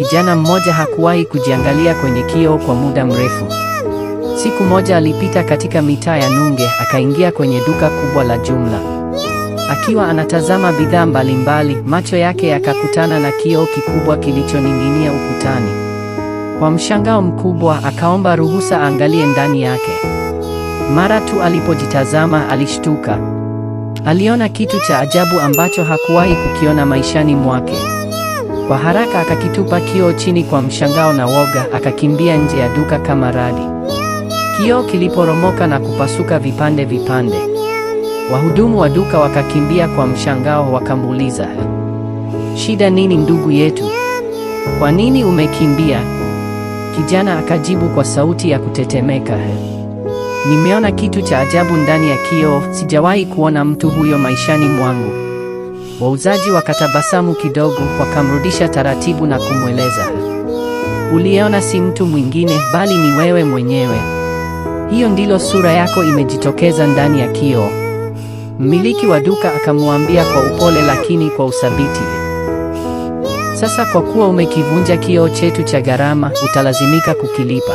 Kijana mmoja hakuwahi kujiangalia kwenye kioo kwa muda mrefu. Siku moja alipita katika mitaa ya Nunge, akaingia kwenye duka kubwa la jumla. Akiwa anatazama bidhaa mbalimbali, macho yake yakakutana na kioo kikubwa kilichoning'inia ukutani. Kwa mshangao mkubwa, akaomba ruhusa aangalie ndani yake. Mara tu alipojitazama, alishtuka. Aliona kitu cha ajabu ambacho hakuwahi kukiona maishani mwake. Kwa haraka akakitupa kioo chini kwa mshangao na woga, akakimbia nje ya duka kama radi. Kioo kiliporomoka na kupasuka vipande vipande. Wahudumu wa duka wakakimbia kwa mshangao, wakamuuliza, shida nini ndugu yetu? Kwa nini umekimbia? Kijana akajibu kwa sauti ya kutetemeka, nimeona kitu cha ajabu ndani ya kioo. Sijawahi kuona mtu huyo maishani mwangu. Wauzaji wakatabasamu kidogo, wakamrudisha taratibu na kumweleza, uliona si mtu mwingine bali ni wewe mwenyewe. Hiyo ndilo sura yako imejitokeza ndani ya kioo. Mmiliki wa duka akamwambia kwa upole lakini kwa uthabiti, sasa kwa kuwa umekivunja kioo chetu cha gharama, utalazimika kukilipa.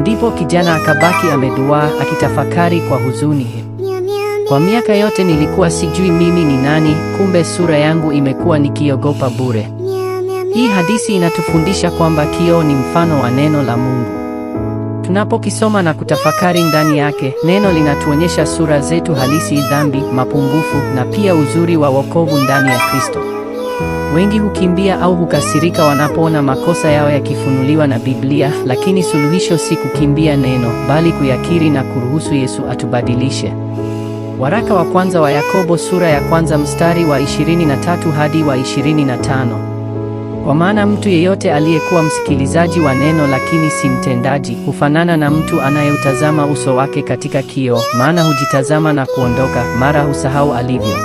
Ndipo kijana akabaki ameduaa akitafakari kwa huzuni. Kwa miaka yote nilikuwa sijui mimi ni nani, kumbe sura yangu imekuwa nikiogopa bure. Hii hadithi inatufundisha kwamba kioo ni mfano wa neno la Mungu. Tunapokisoma na kutafakari ndani yake, neno linatuonyesha sura zetu halisi, dhambi, mapungufu na pia uzuri wa wokovu ndani ya Kristo. Wengi hukimbia au hukasirika wanapoona makosa yao yakifunuliwa na Biblia, lakini suluhisho si kukimbia neno, bali kuyakiri na kuruhusu Yesu atubadilishe. Waraka wa kwanza wa Yakobo sura ya kwanza mstari wa 23 hadi wa 25. Kwa maana mtu yeyote aliyekuwa msikilizaji wa neno lakini si mtendaji, hufanana na mtu anayeutazama uso wake katika kioo, maana hujitazama na kuondoka, mara husahau alivyo.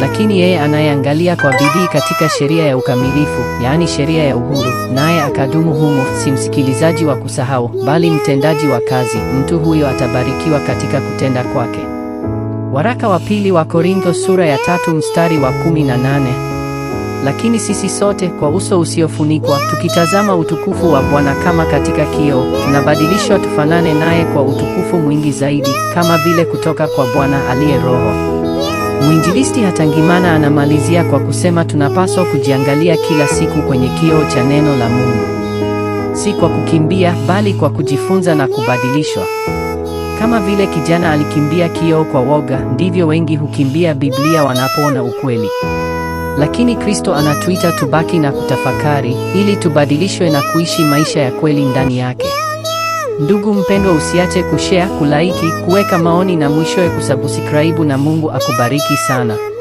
Lakini yeye anayeangalia kwa bidii katika sheria ya ukamilifu, yaani sheria ya uhuru, naye akadumu humo, si msikilizaji wa kusahau, bali mtendaji wa kazi, mtu huyo atabarikiwa katika kutenda kwake. Waraka wa pili wa Korintho sura ya tatu mstari wa nane. Lakini sisi sote kwa uso usiofunikwa tukitazama utukufu wa Bwana kama katika kioo, tunabadilishwa tufanane naye kwa utukufu mwingi zaidi, kama vile kutoka kwa Bwana aliye Roho. Mwinjilisti Hatangimana anamalizia kwa kusema tunapaswa kujiangalia kila siku kwenye kioo cha neno la Mungu, si kwa kukimbia, bali kwa kujifunza na kubadilishwa. Kama vile kijana alikimbia kioo kwa woga, ndivyo wengi hukimbia Biblia wanapoona ukweli. Lakini Kristo anatuita tubaki na kutafakari ili tubadilishwe na kuishi maisha ya kweli ndani yake. Ndugu mpendwa, usiache kushare, kulaiki, kuweka maoni na mwishowe kusubscribe, na Mungu akubariki sana.